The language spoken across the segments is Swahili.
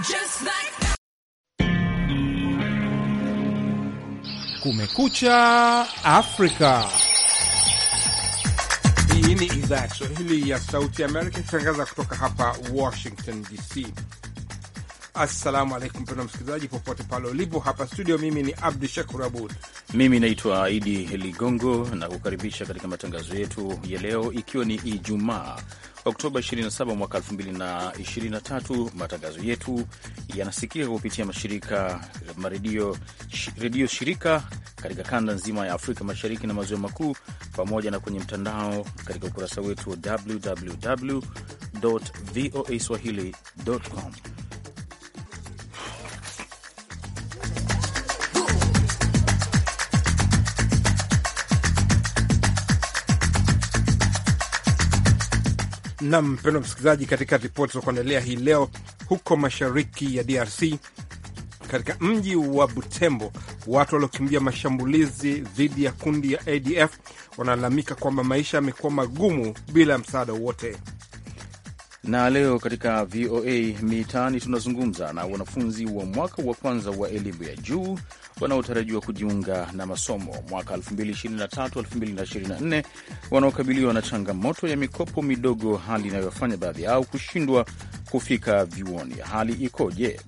Just like that. Kumekucha Afrika. Hii ni idhaa ya Kiswahili ya Sauti Amerika ikitangaza kutoka hapa Washington DC. Assalamu alaikum, pena msikilizaji, popote pale ulipo. Hapa studio, mimi ni Abdu Shakur Abud mimi naitwa Idi Ligongo na kukaribisha katika matangazo yetu ya leo, ikiwa ni Ijumaa Oktoba 27 mwaka 2023. Matangazo yetu yanasikika kupitia mashirika redio shirika katika kanda nzima ya Afrika Mashariki na Maziwa Makuu, pamoja na kwenye mtandao katika ukurasa wetu wa www voa swahili.com. Nam mpendwa msikilizaji, katika ripoti za kuendelea hii leo, huko mashariki ya DRC katika mji wa Butembo, watu waliokimbia mashambulizi dhidi ya kundi ya ADF wanalalamika kwamba maisha yamekuwa magumu bila ya msaada wowote. Na leo katika VOA Mitaani tunazungumza na wanafunzi wa mwaka wa kwanza wa elimu ya juu wanaotarajiwa kujiunga na masomo mwaka 2023-2024 wanaokabiliwa na changamoto ya mikopo midogo, hali inayofanya baadhi yao kushindwa kufika vyuoni. Hali ikoje?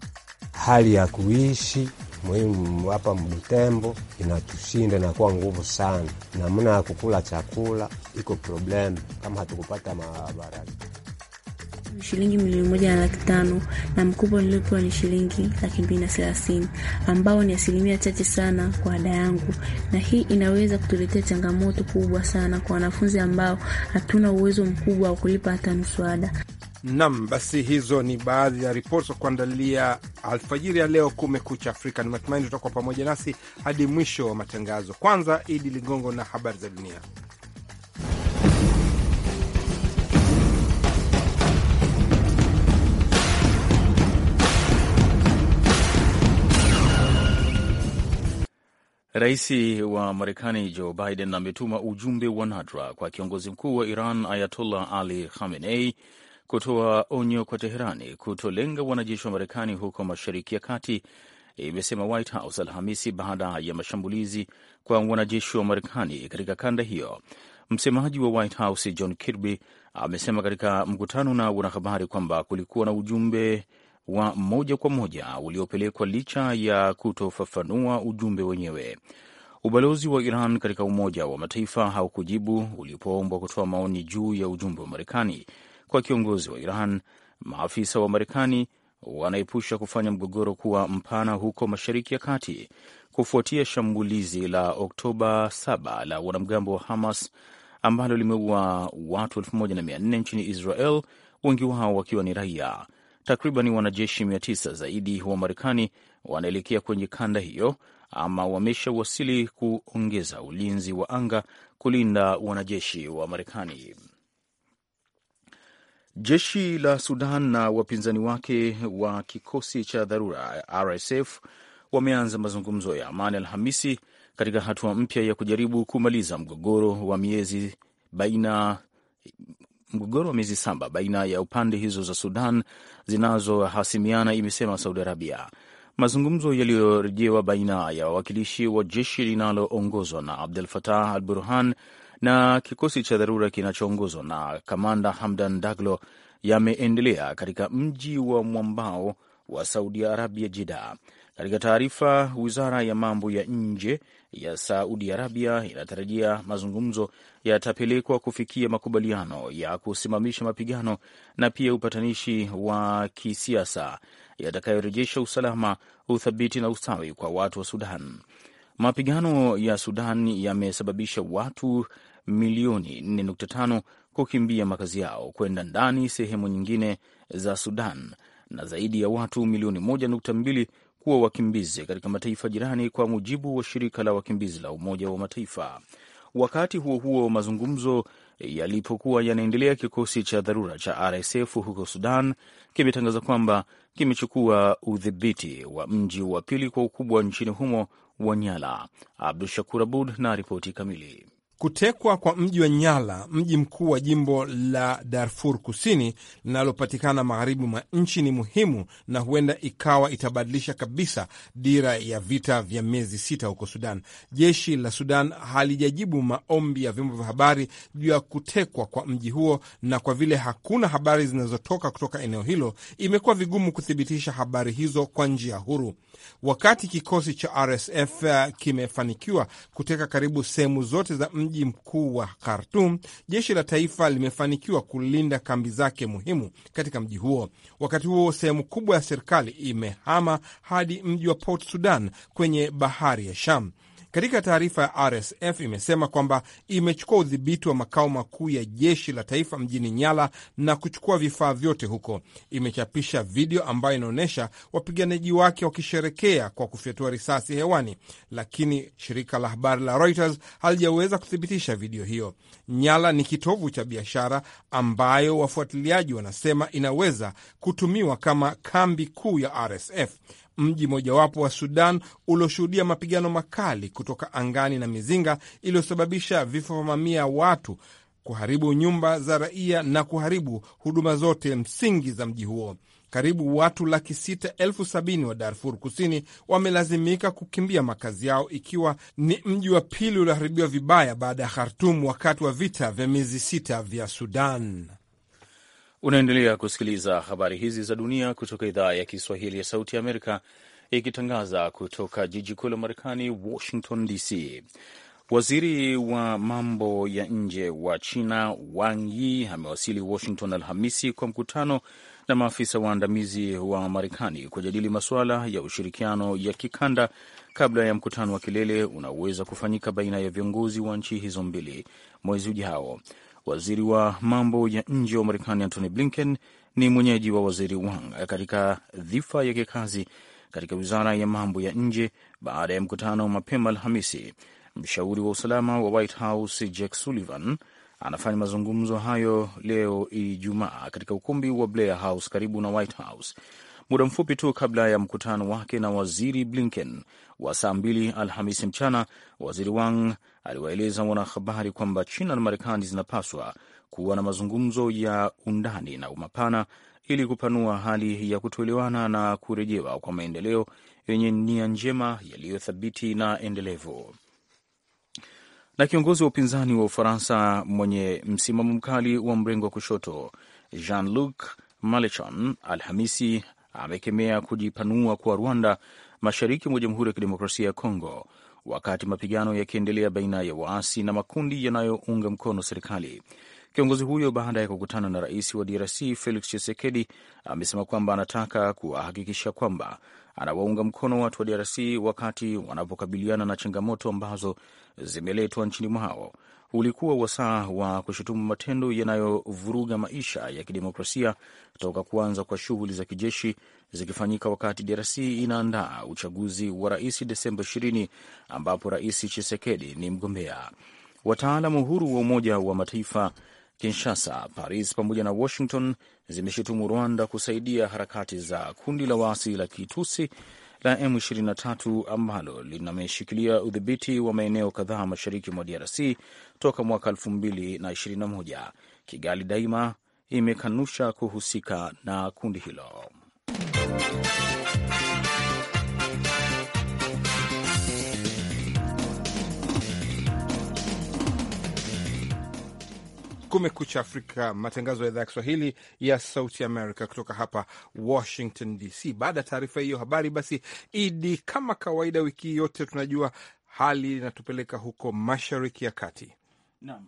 Hali ya kuishi muhimu hapa Mbutembo inatushinda inakuwa nguvu sana, namna ya kukula chakula iko problemu kama hatukupata maabara shilingi milioni moja na laki tano na mkopo niliopewa ni shilingi laki mbili na thelathini ambao ni asilimia chache sana kwa ada yangu, na hii inaweza kutuletea changamoto kubwa sana kwa wanafunzi ambao hatuna uwezo mkubwa wa kulipa hata nusu ada. Nam, basi hizo ni baadhi ya ripoti za kuandalia alfajiri ya leo. Kumekucha Afrika, ni matumaini tutakuwa pamoja nasi hadi mwisho wa matangazo. Kwanza Idi Ligongo na habari za dunia. Rais wa Marekani Joe Biden ametuma ujumbe wa nadra kwa kiongozi mkuu wa Iran Ayatollah Ali Khamenei kutoa onyo kwa Teherani kutolenga wanajeshi wa Marekani huko Mashariki ya Kati, imesema White House Alhamisi baada ya mashambulizi kwa wanajeshi wa Marekani katika kanda hiyo. Msemaji wa White House John Kirby amesema katika mkutano na wanahabari kwamba kulikuwa na ujumbe wa moja kwa moja uliopelekwa licha ya kutofafanua ujumbe wenyewe. Ubalozi wa Iran katika Umoja wa Mataifa haukujibu ulipoombwa kutoa maoni juu ya ujumbe wa Marekani kwa kiongozi wa Iran. Maafisa wa Marekani wanaepusha kufanya mgogoro kuwa mpana huko Mashariki ya Kati kufuatia shambulizi la Oktoba 7 la wanamgambo wa Hamas ambalo limeua watu 1400 nchini Israel, wengi wao wakiwa ni raia. Takriban wanajeshi tisa zaidi wa Marekani wanaelekea kwenye kanda hiyo ama wameshawasili kuongeza ulinzi wa anga kulinda wanajeshi wa Marekani. Jeshi la Sudan na wapinzani wake wa kikosi cha dharura RSF wameanza mazungumzo ya amani Alhamisi katika hatua mpya ya kujaribu kumaliza mgogoro wa miezi baina mgogoro wa miezi saba baina ya upande hizo za Sudan zinazohasimiana, imesema Saudi Arabia. Mazungumzo yaliyorejewa baina ya wawakilishi wa jeshi linaloongozwa na abdul fatah al Burhan na kikosi cha dharura kinachoongozwa na kamanda Hamdan Daglo yameendelea katika mji wa mwambao wa Saudi Arabia, Jida. Katika taarifa, wizara ya mambo ya nje ya Saudi Arabia inatarajia mazungumzo yatapelekwa kufikia makubaliano ya kusimamisha mapigano na pia upatanishi wa kisiasa yatakayorejesha usalama, uthabiti na ustawi kwa watu wa Sudan. Mapigano ya Sudan yamesababisha watu milioni 4.5 kukimbia makazi yao kwenda ndani sehemu nyingine za Sudan na zaidi ya watu milioni 1.2 kuwa wakimbizi katika mataifa jirani, kwa mujibu wa shirika la wakimbizi la Umoja wa Mataifa. Wakati huo huo, mazungumzo yalipokuwa yanaendelea, kikosi cha dharura cha RSF huko Sudan kimetangaza kwamba kimechukua udhibiti wa mji wa pili kwa ukubwa nchini humo wa Nyala. Abdu Shakur Abud na ripoti kamili. Kutekwa kwa mji wa Nyala, mji mkuu wa jimbo la Darfur Kusini linalopatikana magharibi mwa nchi, ni muhimu na huenda ikawa itabadilisha kabisa dira ya vita vya miezi sita huko Sudan. Jeshi la Sudan halijajibu maombi ya vyombo vya habari juu ya kutekwa kwa mji huo, na kwa vile hakuna habari zinazotoka kutoka eneo hilo, imekuwa vigumu kuthibitisha habari hizo kwa njia huru. Wakati kikosi cha RSF kimefanikiwa kuteka karibu sehemu zote za mji mji mkuu wa Khartum, jeshi la taifa limefanikiwa kulinda kambi zake muhimu katika mji huo. Wakati huo, sehemu kubwa ya serikali imehama hadi mji wa Port Sudan kwenye bahari ya Sham. Katika taarifa ya RSF imesema kwamba imechukua udhibiti wa makao makuu ya jeshi la taifa mjini Nyala na kuchukua vifaa vyote huko. Imechapisha video ambayo inaonyesha wapiganaji wake wakisherekea kwa kufyatua risasi hewani, lakini shirika la habari la Reuters halijaweza kuthibitisha video hiyo. Nyala ni kitovu cha biashara ambayo wafuatiliaji wanasema inaweza kutumiwa kama kambi kuu ya RSF mji mojawapo wa Sudan ulioshuhudia mapigano makali kutoka angani na mizinga iliyosababisha vifo vya mamia ya watu, kuharibu nyumba za raia na kuharibu huduma zote msingi za mji huo. Karibu watu laki sita elfu sabini wa Darfur Kusini wamelazimika kukimbia makazi yao, ikiwa ni mji wa pili ulioharibiwa vibaya baada ya Khartum wakati wa vita vya miezi sita vya Sudan. Unaendelea kusikiliza habari hizi za dunia kutoka idhaa ya Kiswahili ya Sauti ya Amerika, ikitangaza kutoka jiji kuu la Marekani, Washington DC. Waziri wa mambo ya nje wa China Wang Yi amewasili Washington Alhamisi kwa mkutano na maafisa waandamizi wa Marekani kujadili masuala ya ushirikiano ya kikanda kabla ya mkutano wa kilele unaoweza kufanyika baina ya viongozi wa nchi hizo mbili mwezi ujao. Waziri wa mambo ya nje wa Marekani Antony Blinken ni mwenyeji wa waziri Wang katika dhifa ya kikazi katika wizara ya mambo ya nje baada ya mkutano mapema Alhamisi. Mshauri wa usalama wa White House Jake Sullivan anafanya mazungumzo hayo leo Ijumaa katika ukumbi wa Blair House karibu na White House, muda mfupi tu kabla ya mkutano wake na waziri Blinken wa saa mbili Alhamisi mchana, waziri Wang aliwaeleza wanahabari kwamba China na Marekani zinapaswa kuwa na mazungumzo ya undani na umapana ili kupanua hali ya kutoelewana na kurejewa kwa maendeleo yenye nia njema yaliyothabiti na endelevu. Na kiongozi wa upinzani wa Ufaransa mwenye msimamo mkali wa mrengo wa kushoto Jean-Luc Malechon Alhamisi amekemea kujipanua kwa Rwanda mashariki mwa Jamhuri ya Kidemokrasia ya Kongo, wakati mapigano yakiendelea baina ya waasi na makundi yanayounga mkono serikali. Kiongozi huyo baada ya kukutana na rais wa DRC Felix Tshisekedi amesema kwamba anataka kuwahakikisha kwamba anawaunga mkono watu wa DRC wakati wanapokabiliana na changamoto ambazo zimeletwa nchini mwao ulikuwa wasaa wa kushutumu matendo yanayovuruga maisha ya kidemokrasia toka kuanza kwa shughuli za kijeshi zikifanyika wakati DRC inaandaa uchaguzi wa rais Desemba 20 ambapo Rais chisekedi ni mgombea. Wataalamu huru wa Umoja wa Mataifa Kinshasa, Paris pamoja na Washington zimeshutumu Rwanda kusaidia harakati za kundi la waasi la kitusi la M23 ambalo linameshikilia udhibiti wa maeneo kadhaa mashariki mwa DRC toka mwaka 2021. Kigali daima imekanusha kuhusika na kundi hilo. Kumekucha Afrika, matangazo ya idhaa ya Kiswahili ya Sauti Amerika kutoka hapa Washington DC. Baada ya taarifa hiyo habari, basi Idi, kama kawaida, wiki yote tunajua hali inatupeleka huko Mashariki ya Kati. Naam.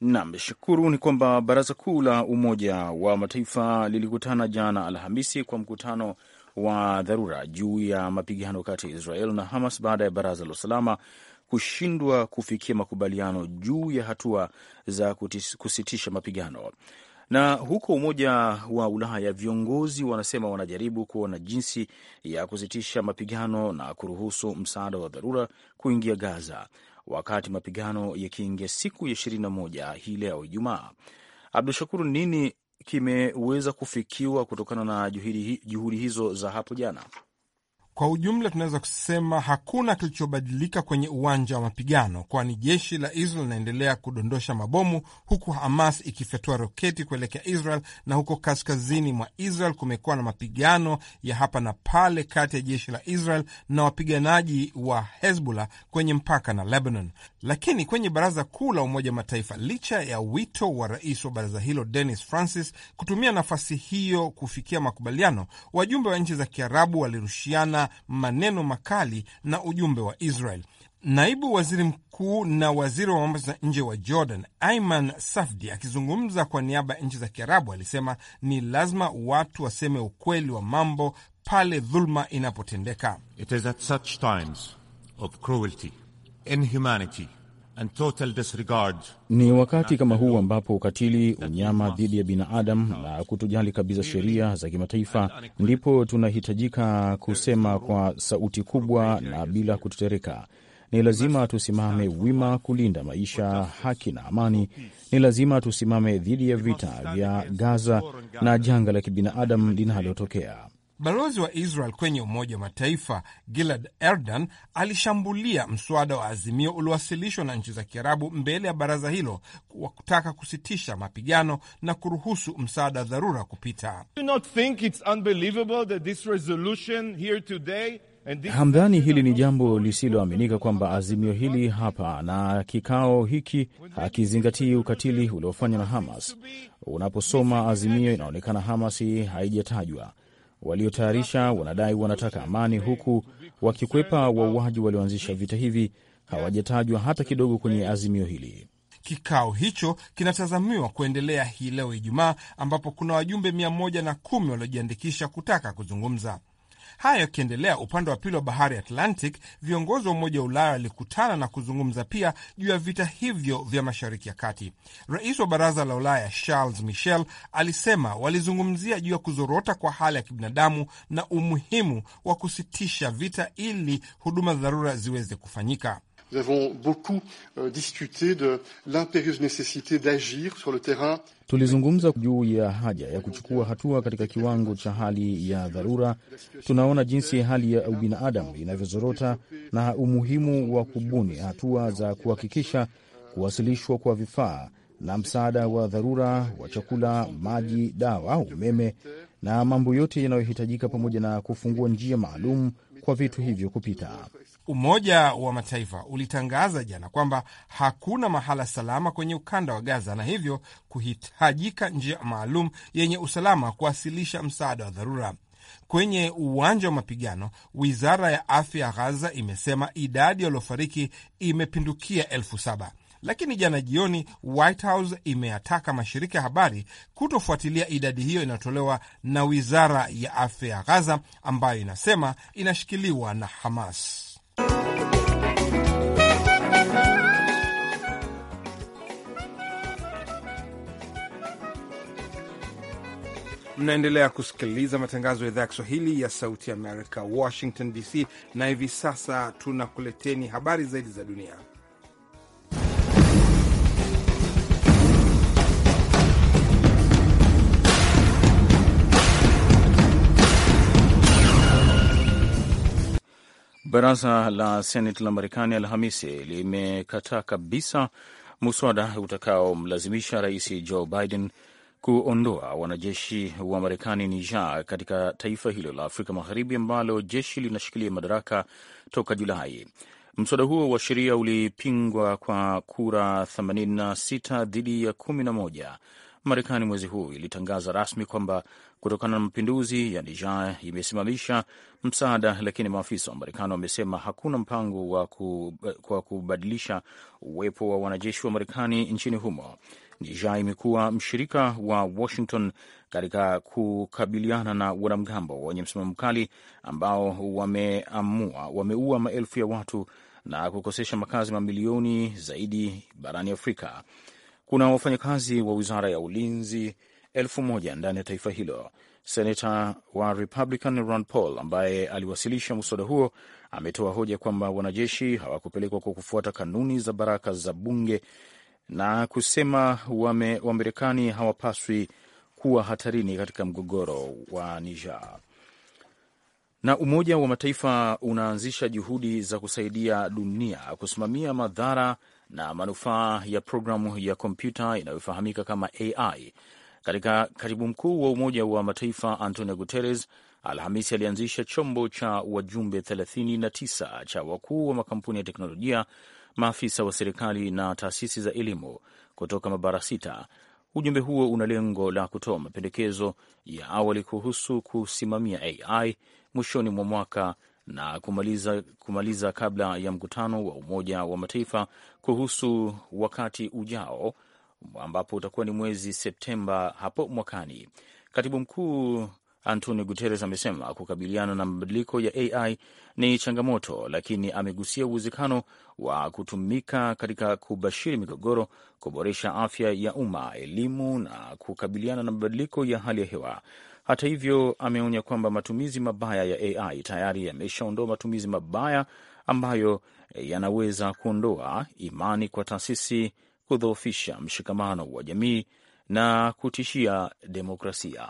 Nam, shukuru ni kwamba Baraza Kuu la Umoja wa Mataifa lilikutana jana Alhamisi kwa mkutano wa dharura juu ya mapigano kati ya Israel na Hamas baada ya Baraza la Usalama kushindwa kufikia makubaliano juu ya hatua za kutis, kusitisha mapigano. Na huko Umoja wa Ulaya viongozi wanasema wanajaribu kuona jinsi ya kusitisha mapigano na kuruhusu msaada wa dharura kuingia Gaza, wakati mapigano yakiingia siku ya ishirini na moja hii leo Ijumaa. Abdu Shakuru, nini kimeweza kufikiwa kutokana na juhudi hizo za hapo jana? Kwa ujumla tunaweza kusema hakuna kilichobadilika kwenye uwanja wa mapigano, kwani jeshi la Israel linaendelea kudondosha mabomu huku Hamas ikifyatua roketi kuelekea Israel, na huko kaskazini mwa Israel kumekuwa na mapigano ya hapa na pale kati ya jeshi la Israel na wapiganaji wa Hezbollah kwenye mpaka na Lebanon. Lakini kwenye Baraza Kuu la Umoja wa Mataifa, licha ya wito wa rais wa baraza hilo Dennis Francis kutumia nafasi hiyo kufikia makubaliano, wajumbe wa nchi za Kiarabu walirushiana maneno makali na ujumbe wa Israel. Naibu waziri mkuu na waziri wa mambo za nje wa Jordan, Aiman Safdi, akizungumza kwa niaba ya nchi za Kiarabu, alisema ni lazima watu waseme ukweli wa mambo pale dhuluma inapotendeka. It is at such times of cruelty, inhumanity And total disregard. Ni wakati kama huu ambapo ukatili, unyama dhidi ya binadamu na kutojali kabisa sheria za kimataifa, ndipo tunahitajika kusema kwa sauti kubwa na bila kutetereka. Ni lazima tusimame wima kulinda maisha, haki na amani. Ni lazima tusimame dhidi ya vita vya Gaza na janga la kibinadamu linalotokea. Balozi wa Israel kwenye Umoja wa Mataifa Gilad Erdan alishambulia mswada wa azimio uliowasilishwa na nchi za Kiarabu mbele ya baraza hilo wa kutaka kusitisha mapigano na kuruhusu msaada wa dharura kupita. Hamdhani, hili ni jambo lisiloaminika kwamba azimio hili hapa na kikao hiki hakizingatii ukatili uliofanywa na Hamas. Unaposoma azimio, inaonekana Hamas haijatajwa waliotayarisha wanadai wanataka amani, huku wakikwepa wauaji walioanzisha vita hivi hawajatajwa hata kidogo kwenye azimio hili. Kikao hicho kinatazamiwa kuendelea hii leo Ijumaa, ambapo kuna wajumbe mia waliojiandikisha kutaka kuzungumza. Haya yakiendelea upande wa pili wa bahari Atlantic, viongozi wa Umoja wa Ulaya walikutana na kuzungumza pia juu ya vita hivyo vya Mashariki ya Kati. Rais wa Baraza la Ulaya Charles Michel alisema walizungumzia juu ya kuzorota kwa hali ya kibinadamu na umuhimu wa kusitisha vita ili huduma za dharura ziweze kufanyika. Nous avons beaucoup euh, discuté de l'impérieuse nécessité d'agir sur le terrain. Tulizungumza juu ya haja ya kuchukua hatua katika kiwango cha hali ya dharura. Tunaona jinsi hali ya ubinadamu inavyozorota na umuhimu wa kubuni hatua za kuhakikisha kuwasilishwa kwa vifaa na msaada wa dharura wa chakula, maji, dawa, umeme na mambo yote yanayohitajika pamoja na kufungua njia maalum kwa vitu hivyo kupita. Umoja wa Mataifa ulitangaza jana kwamba hakuna mahala salama kwenye ukanda wa Gaza na hivyo kuhitajika njia maalum yenye usalama kuwasilisha msaada wa dharura. Kwenye uwanja wa mapigano, wizara ya afya ya Gaza imesema idadi waliofariki imepindukia elfu saba. Lakini jana jioni, White House imeyataka mashirika ya habari kutofuatilia idadi hiyo inayotolewa na wizara ya afya ya Gaza ambayo inasema inashikiliwa na Hamas. Mnaendelea kusikiliza matangazo ya idhaa ya Kiswahili ya Sauti Amerika, Washington DC, na hivi sasa tunakuleteni habari zaidi za dunia. Baraza la Seneti la Marekani Alhamisi limekataa kabisa muswada utakaomlazimisha Rais Joe Biden kuondoa wanajeshi wa Marekani Niger katika taifa hilo la Afrika Magharibi ambalo jeshi linashikilia madaraka toka Julai. Mswada huo wa sheria ulipingwa kwa kura 86 dhidi ya 11 Marekani mwezi huu ilitangaza rasmi kwamba kutokana na mapinduzi ya Niger imesimamisha msaada, lakini maafisa wa Marekani wamesema hakuna mpango wa ku, kwa kubadilisha uwepo wa wanajeshi wa Marekani nchini humo. Niger imekuwa mshirika wa Washington katika kukabiliana na wanamgambo wenye msimamo mkali ambao wameamua wameua maelfu ya watu na kukosesha makazi mamilioni zaidi barani Afrika. Kuna wafanyakazi wa wizara ya ulinzi elfu moja ndani ya taifa hilo. Senata wa Republican Ron Paul ambaye aliwasilisha mswada huo ametoa hoja kwamba wanajeshi hawakupelekwa kwa kufuata kanuni za baraka za bunge na kusema wame, hawapaswi kuwa hatarini katika mgogoro wa Niger. Na Umoja wa Mataifa unaanzisha juhudi za kusaidia dunia kusimamia madhara na manufaa ya programu ya kompyuta inayofahamika kama AI. Katika katibu mkuu wa Umoja wa Mataifa Antonio Guterres Alhamisi alianzisha chombo cha wajumbe 39 cha wakuu wa makampuni ya teknolojia, maafisa wa serikali na taasisi za elimu kutoka mabara sita. Ujumbe huo una lengo la kutoa mapendekezo ya awali kuhusu kusimamia AI mwishoni mwa mwaka na kumaliza, kumaliza kabla ya mkutano wa Umoja wa Mataifa kuhusu wakati ujao ambapo utakuwa ni mwezi Septemba hapo mwakani. Katibu mkuu Antonio Guterres amesema kukabiliana na mabadiliko ya AI ni changamoto, lakini amegusia uwezekano wa kutumika katika kubashiri migogoro, kuboresha afya ya umma, elimu na kukabiliana na mabadiliko ya hali ya hewa. Hata hivyo, ameonya kwamba matumizi mabaya ya AI tayari yameshaondoa matumizi mabaya ambayo yanaweza kuondoa imani kwa taasisi, kudhoofisha mshikamano wa jamii na kutishia demokrasia.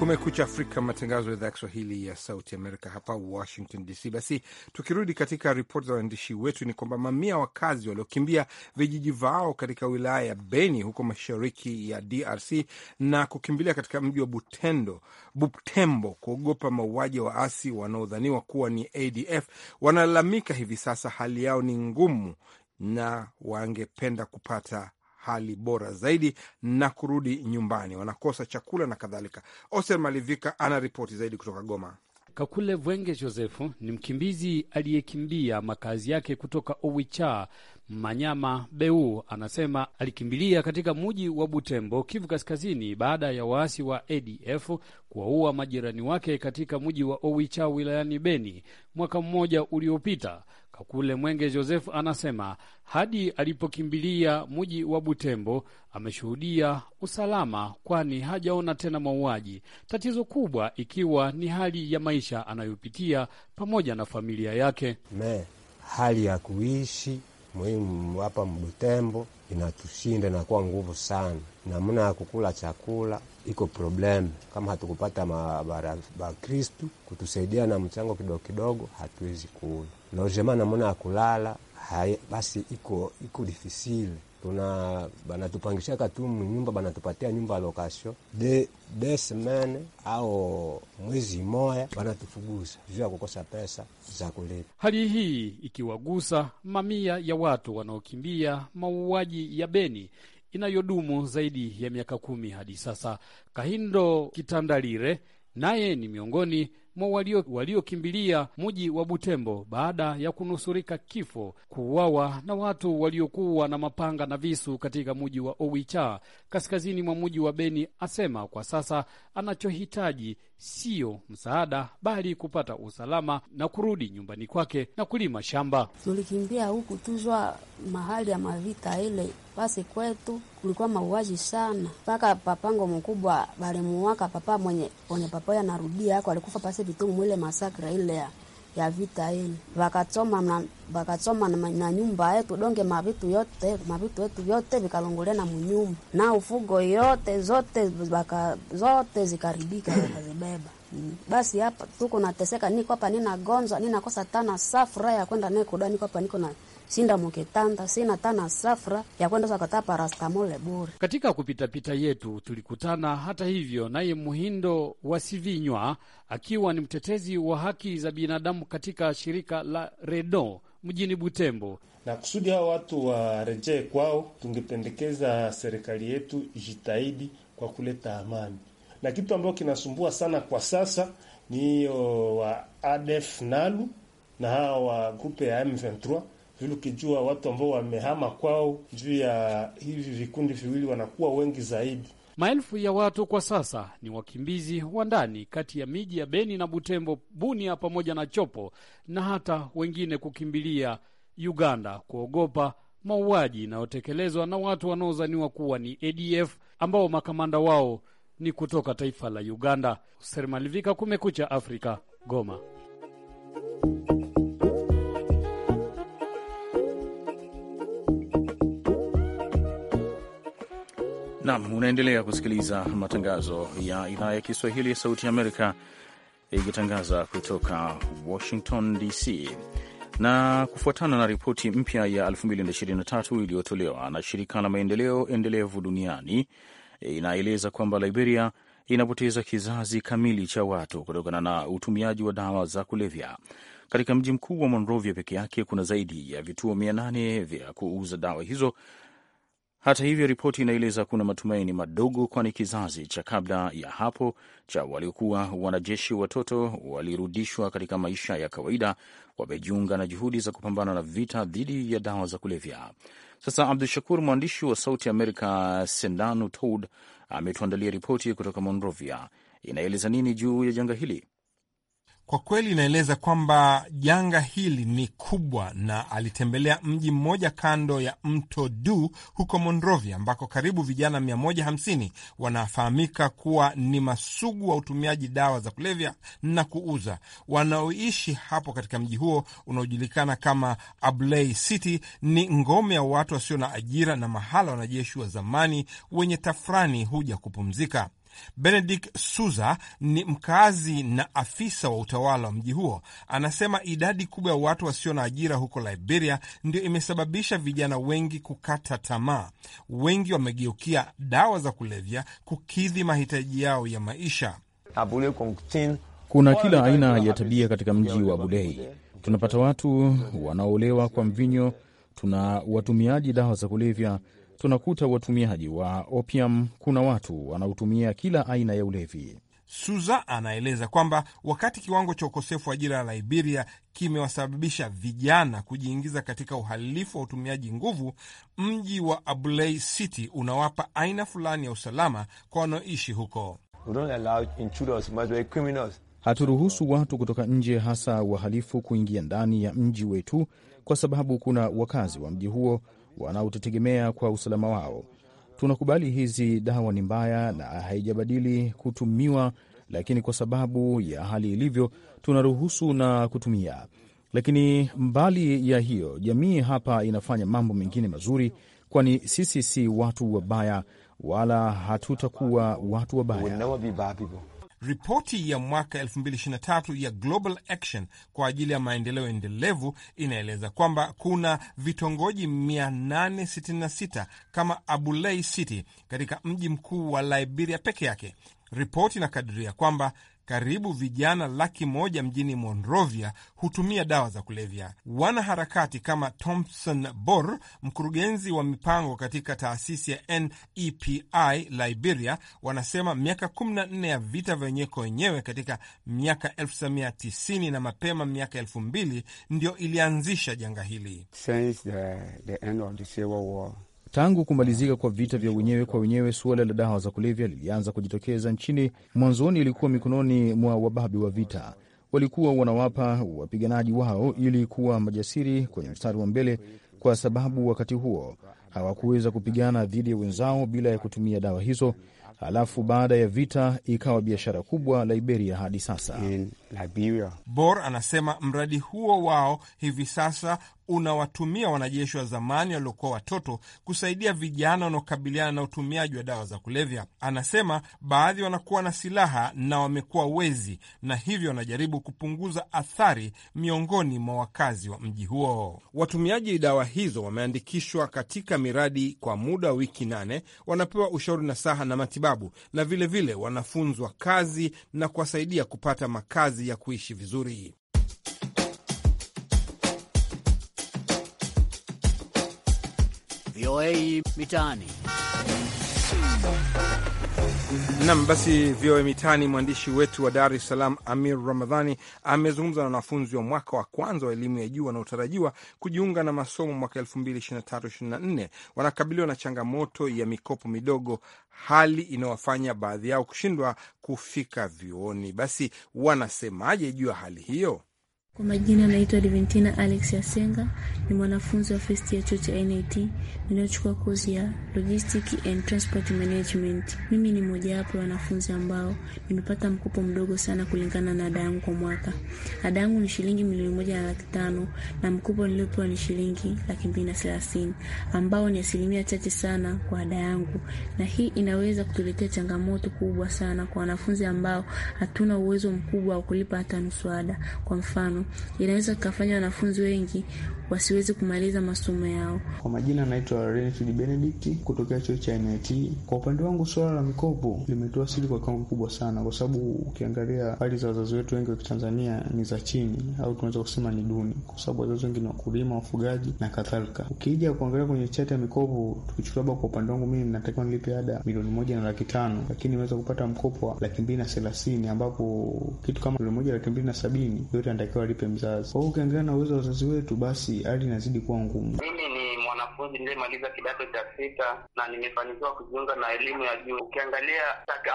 Kumekucha Afrika, matangazo ya idhaa ya Kiswahili ya Sauti Amerika hapa Washington DC. Basi tukirudi katika ripoti za waandishi wetu, ni kwamba mamia wakazi waliokimbia vijiji vao katika wilaya ya Beni huko mashariki ya DRC na kukimbilia katika mji wa Butendo, Butembo kuogopa mauaji ya waasi wanaodhaniwa kuwa ni ADF wanalalamika hivi sasa hali yao ni ngumu na wangependa kupata hali bora zaidi na kurudi nyumbani, wanakosa chakula na kadhalika. Oser Malivika ana ripoti zaidi kutoka Goma. Kakule Vwenge Josefu ni mkimbizi aliyekimbia makazi yake kutoka Owicha Manyama Beu anasema alikimbilia katika mji wa Butembo, Kivu Kaskazini, baada ya waasi wa ADF kuwaua majirani wake katika mji wa Owicha wilayani Beni mwaka mmoja uliopita. Kakule Mwenge Joseph anasema hadi alipokimbilia mji wa Butembo ameshuhudia usalama, kwani hajaona tena mauaji, tatizo kubwa ikiwa ni hali ya maisha anayopitia pamoja na familia yake. Me, hali ya kuishi muhimu hapa Mbutembo inatushinda, inakuwa nguvu sana. Namna ya kukula chakula iko problemu, kama hatukupata mabara Bakristu kutusaidia na mchango kidogo kidogo, hatuwezi kula. Lojema namna ya kulala hai, basi iko iko difisile tuna banatupangisha katumu nyumba, banatupatia nyumba lokasio de de semaine au mwezi moya, banatufuguza juu ya kukosa pesa za kulipa. Hali hii ikiwagusa mamia ya watu wanaokimbia mauaji ya Beni inayodumu zaidi ya miaka kumi hadi sasa. Kahindo Kitandalire naye ni miongoni mwa waliokimbilia walio mji wa Butembo baada ya kunusurika kifo, kuuawa na watu waliokuwa na mapanga na visu katika mji wa Owicha kaskazini mwa mji wa Beni, asema kwa sasa anachohitaji sio msaada, bali kupata usalama na kurudi nyumbani kwake na kulima shamba. Tulikimbia huku tuzwa mahali ya mavita ile basi kwetu kulikuwa mauaji sana, mpaka papango mkubwa balimuwaka papa mwenye mwenye papa anarudia ako alikufa pasi vitumu ile masakra ile ya ya vita ile, vakachoma na, vakachoma na, na nyumba yetu donge mavitu yote mavitu yetu vyote vikalongolea na munyumba na ufugo yote zote baka, zote zikaribika vakazibeba. Mm. Basi hapa tuko nateseka, niko hapa nina ninakosa tana saa furaha ya kwenda naye kuda, niko hapa niko na sinda mukitanda sina tana safra ya kwenda sakata parastamole bure. Katika kupitapita yetu tulikutana hata hivyo naye Muhindo wa Sivinywa akiwa ni mtetezi wa haki za binadamu katika shirika la Redo mjini Butembo. Na kusudi hao watu warejee kwao, tungependekeza serikali yetu ijitahidi kwa kuleta amani, na kitu ambayo kinasumbua sana kwa sasa ni hiyo wa ADF Nalu na hawa wa grupe ya M23 vile ukijua watu ambao wamehama kwao juu ya hivi vikundi viwili wanakuwa wengi zaidi. Maelfu ya watu kwa sasa ni wakimbizi wa ndani kati ya miji ya Beni na Butembo, Bunia pamoja na Chopo, na hata wengine kukimbilia Uganda kuogopa mauaji inayotekelezwa na watu wanaodhaniwa kuwa ni ADF ambao makamanda wao ni kutoka taifa la Uganda. Sermalivika, Kumekucha Afrika, Goma. Nam, unaendelea kusikiliza matangazo ya idhaa ya Kiswahili ya Sauti ya Amerika ikitangaza kutoka Washington DC. Na kufuatana na ripoti mpya ya 2023 iliyotolewa na shirika la maendeleo endelevu duniani inaeleza kwamba Liberia inapoteza kizazi kamili cha watu kutokana na utumiaji wa dawa za kulevya. Katika mji mkuu wa Monrovia peke yake kuna zaidi ya vituo 800 vya kuuza dawa hizo hata hivyo, ripoti inaeleza kuna matumaini madogo, kwani kizazi cha kabla ya hapo cha waliokuwa wanajeshi watoto walirudishwa katika maisha ya kawaida, wamejiunga na juhudi za kupambana na vita dhidi ya dawa za kulevya. Sasa Abdu Shakur, mwandishi wa Sauti Amerika Sendanu toud ametuandalia ripoti kutoka Monrovia. Inaeleza nini juu ya janga hili? Kwa kweli inaeleza kwamba janga hili ni kubwa, na alitembelea mji mmoja kando ya mto Du huko Monrovia, ambako karibu vijana 150 wanafahamika kuwa ni masugu wa utumiaji dawa za kulevya na kuuza, wanaoishi hapo katika mji huo unaojulikana kama Ablay City. Ni ngome ya watu wasio na ajira na mahala wanajeshi wa zamani wenye tafrani huja kupumzika. Benedict Suza ni mkazi na afisa wa utawala wa mji huo, anasema idadi kubwa ya watu wasio na ajira huko Liberia ndio imesababisha vijana wengi kukata tamaa. Wengi wamegeukia dawa za kulevya kukidhi mahitaji yao ya maisha. Kuna kila aina ya tabia katika mji wa Bulei. Tunapata watu wanaoolewa kwa mvinyo, tuna watumiaji dawa za kulevya tunakuta watumiaji wa opium, kuna watu wanaotumia kila aina ya ulevi. Suza anaeleza kwamba wakati kiwango cha ukosefu wa ajira la Liberia kimewasababisha vijana kujiingiza katika uhalifu wa utumiaji nguvu, mji wa Abulei City unawapa aina fulani ya usalama kwa wanaoishi huko. Haturuhusu watu kutoka nje, hasa wahalifu, kuingia ndani ya mji wetu, kwa sababu kuna wakazi wa mji huo wanaotutegemea kwa usalama wao. Tunakubali hizi dawa ni mbaya na haijabadili kutumiwa, lakini kwa sababu ya hali ilivyo, tunaruhusu na kutumia. Lakini mbali ya hiyo, jamii hapa inafanya mambo mengine mazuri, kwani sisi si watu wabaya, wala hatutakuwa watu wabaya. Ripoti ya mwaka 2023 ya Global Action kwa ajili ya maendeleo endelevu inaeleza kwamba kuna vitongoji 866 kama Abulei City katika mji mkuu wa Liberia peke yake. Ripoti inakadiria kwamba karibu vijana laki moja mjini Monrovia hutumia dawa za kulevya. Wanaharakati kama Thompson Bor, mkurugenzi wa mipango katika taasisi ya NEPI Liberia, wanasema miaka 14 ya vita vya wenyewe kwa wenyewe katika miaka 1990 na mapema miaka 2000 ndio ilianzisha janga hili. Since the, the end of the Civil War. Tangu kumalizika kwa vita vya wenyewe kwa wenyewe, suala la dawa za kulevya lilianza kujitokeza nchini. Mwanzoni ilikuwa mikononi mwa wababi wa vita, walikuwa wanawapa wapiganaji wao ili kuwa majasiri kwenye mstari wa mbele, kwa sababu wakati huo hawakuweza kupigana dhidi ya wenzao bila ya kutumia dawa hizo. Halafu baada ya vita ikawa biashara kubwa Liberia hadi sasa. Bor anasema mradi huo wao hivi sasa unawatumia wanajeshi wa zamani waliokuwa watoto kusaidia vijana wanaokabiliana na utumiaji wa dawa za kulevya. Anasema baadhi wanakuwa na silaha na wamekuwa wezi, na hivyo wanajaribu kupunguza athari miongoni mwa wakazi wa mji huo. Watumiaji dawa hizo wameandikishwa katika miradi kwa muda wa wiki nane, wanapewa ushauri na saha na matibabu, na vilevile vile wanafunzwa kazi na kuwasaidia kupata makazi ya kuishi vizuri. VOA Mitaani. Nam basi, VOA Mitaani, mwandishi wetu wa Dar es Salaam Amir Ramadhani amezungumza na wanafunzi wa mwaka wa kwanza wa elimu ya juu wanaotarajiwa kujiunga na masomo mwaka 2023/24 wanakabiliwa na changamoto ya mikopo midogo, hali inayowafanya baadhi yao kushindwa kufika vyuoni. Basi wanasemaje juu ya hali hiyo? Kwa majina naitwa Adventina Alex Yasenga ni mwanafunzi wa first year chuo cha NIT ninayochukua kozi ya Logistic and Transport Management. Mimi ni mmoja wapo ya wanafunzi ambao nimepata mkopo mdogo sana kulingana na ada yangu kwa mwaka. Ada yangu ni shilingi milioni moja na laki tano na mkopo niliopewa ni shilingi laki mbili na thelathini ambao ni asilimia chache sana kwa ada yangu, na hii inaweza kutuletea changamoto kubwa sana kwa wanafunzi ambao hatuna uwezo mkubwa wa kulipa hata nusu ada. Kwa mfano mfano inaweza kufanya wanafunzi wengi wasiwezi kumaliza masomo yao. Kwa majina naitwa Renford Benedict kutokea chuo cha NIT. Kwa upande wangu, suala la mikopo limetoa siri kwa kiwango kubwa sana, kwa sababu ukiangalia hali za wazazi wetu wengi wa Kitanzania ni za chini, au tunaweza kusema ni duni, kwa sababu wazazi wengi ni wakulima, wafugaji na kadhalika. Ukija kuangalia kwenye chati ya mikopo, tukichukua labda, kwa upande wangu mimi natakiwa nilipe ada milioni moja na laki tano lakini nimeweza kupata mkopo wa laki mbili na thelathini ambapo kitu kama milioni moja laki mbili na sabini yote anatakiwa walipe mzazi. Kwa hiyo ukiangalia na uwezo wa wazazi wetu, basi hali inazidi kuwa ngumu. Mimi ni mwanafunzi niliyemaliza kidato cha sita na nimefanikiwa kujiunga na elimu ya juu. Ukiangalia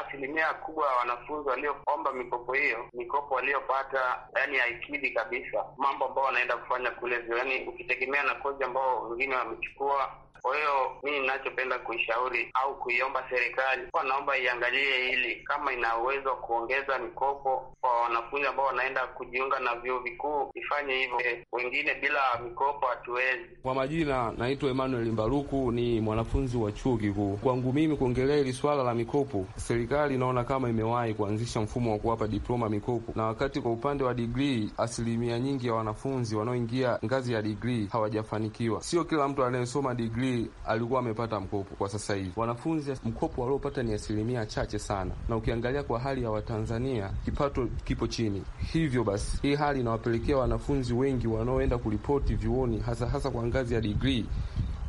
asilimia kubwa ya wanafunzi walioomba mikopo hiyo, mikopo waliopata yani haikidhi kabisa mambo ambayo wanaenda kufanya kule yani ukitegemea na kozi ambao wengine wamechukua kwa hiyo mi ninachopenda kuishauri au kuiomba serikali, kuwa, naomba iangalie hili kama ina uwezo wa kuongeza mikopo kwa wanafunzi ambao wanaenda kujiunga na vyuo vikuu, ifanye hivyo. Eh, wengine bila mikopo hatuwezi. Kwa majina, naitwa Emmanuel Mbaruku, ni mwanafunzi wa chuo kikuu. Kwangu mimi kuongelea hili swala la mikopo, serikali inaona kama imewahi kuanzisha mfumo wa kuwapa diploma mikopo, na wakati kwa upande wa digrii, asilimia nyingi ya wanafunzi wanaoingia ngazi ya digrii hawajafanikiwa. Sio kila mtu anayesoma digrii tayari alikuwa amepata mkopo. Kwa sasa hivi wanafunzi mkopo waliopata ni asilimia chache sana, na ukiangalia kwa hali ya Watanzania kipato kipo chini, hivyo basi hii hali inawapelekea wanafunzi wengi wanaoenda kuripoti vyuoni, hasa hasa kwa ngazi ya digrii,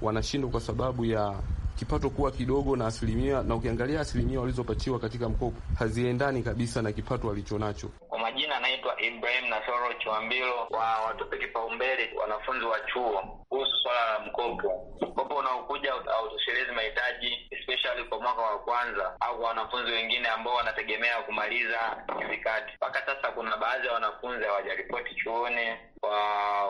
wanashindwa kwa sababu ya kipato kuwa kidogo na asilimia, na ukiangalia asilimia walizopatiwa katika mkopo haziendani kabisa na kipato walichonacho. Kwa majina anaitwa Ibrahim Nasoro Chiwambilo, wa watupe kipaumbele wanafunzi wa chuo kuhusu swala la mkopo. Mkopo unaokuja hautoshelezi mahitaji especially kwa mwaka wa kwanza au kwa wanafunzi wengine ambao wanategemea kumaliza vikati. Mpaka sasa kuna baadhi ya wanafunzi hawajaripoti chuoni kwa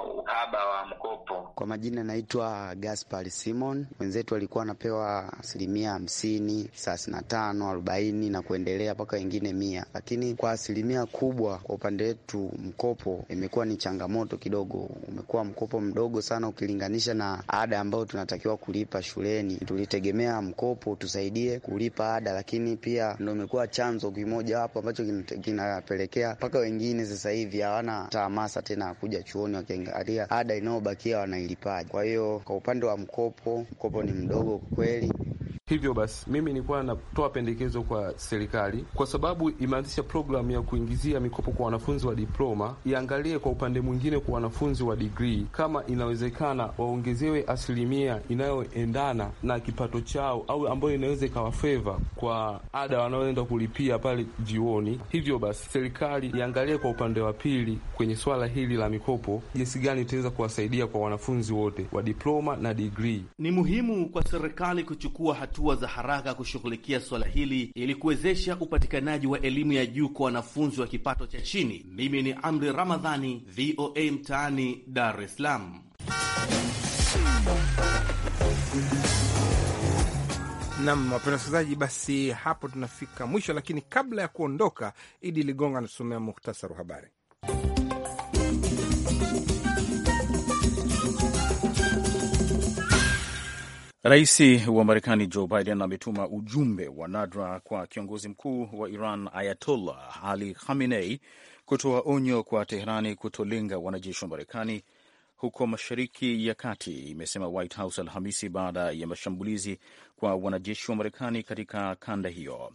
uhaba wa mkopo. Kwa majina naitwa Gaspar Simon. Wenzetu walikuwa wanapewa asilimia hamsini, thelathini na tano, arobaini na kuendelea mpaka wengine mia, lakini kwa asilimia kubwa kubwa kwa upande wetu mkopo imekuwa ni changamoto kidogo, umekuwa mkopo mdogo sana ukilinganisha na ada ambayo tunatakiwa kulipa shuleni. Tulitegemea mkopo tusaidie kulipa ada, lakini pia ndo imekuwa chanzo kimoja hapo ambacho kinapelekea mpaka wengine sasa hivi hawana tamasa tena kuja chuoni, wakiangalia ada inayobakia wanailipaje. Kwa hiyo kwa upande wa mkopo, mkopo ni mdogo kweli. Hivyo basi mimi nilikuwa natoa pendekezo kwa serikali, kwa sababu imeanzisha programu ya kuingizia mikopo kwa wanafunzi wa diploma, iangalie kwa upande mwingine kwa wanafunzi wa digrii, kama inawezekana waongezewe asilimia inayoendana na kipato chao au ambayo inaweza ikawa feva kwa ada wanaoenda kulipia pale jioni. Hivyo basi serikali iangalie kwa upande wa pili kwenye swala hili la mikopo, jinsi gani itaweza kuwasaidia kwa wanafunzi wote wa diploma na digrii. Ni muhimu kwa serikali kuchukua hati hatua za haraka kushughulikia swala hili ili kuwezesha upatikanaji wa elimu ya juu kwa wanafunzi wa kipato cha chini. Mimi ni Amri Ramadhani, VOA Mtaani, Dar es Salaam. Nam wapenda wasikilizaji, basi hapo tunafika mwisho, lakini kabla ya kuondoka, Idi Ligonga anatusomea muhtasari wa habari. Rais wa Marekani Joe Biden ametuma ujumbe wa nadra kwa kiongozi mkuu wa Iran Ayatollah Ali Khamenei kutoa onyo kwa Teherani kutolenga wanajeshi wa Marekani huko Mashariki ya Kati, imesema White House Alhamisi baada ya mashambulizi kwa wanajeshi wa Marekani katika kanda hiyo.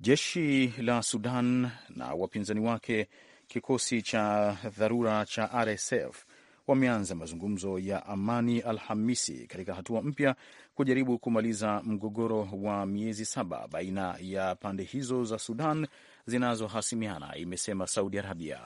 Jeshi la Sudan na wapinzani wake kikosi cha dharura cha RSF wameanza mazungumzo ya amani Alhamisi katika hatua mpya kujaribu kumaliza mgogoro wa miezi saba baina ya pande hizo za Sudan zinazohasimiana, imesema Saudi Arabia.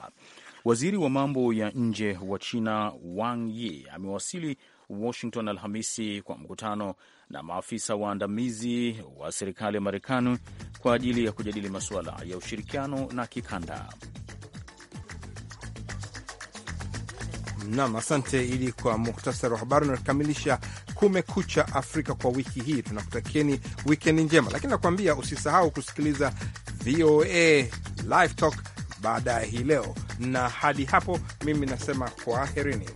Waziri wa mambo ya nje wa China Wang Yi amewasili Washington Alhamisi kwa mkutano na maafisa waandamizi wa serikali ya Marekani kwa ajili ya kujadili masuala ya ushirikiano na kikanda. Nam, asante ili kwa muktasari wa habari. Unakamilisha Kumekucha Afrika kwa wiki hii. Tunakutakieni wikendi njema, lakini nakuambia usisahau kusikiliza VOA Live Talk baadaye hii leo, na hadi hapo mimi nasema kwaherini.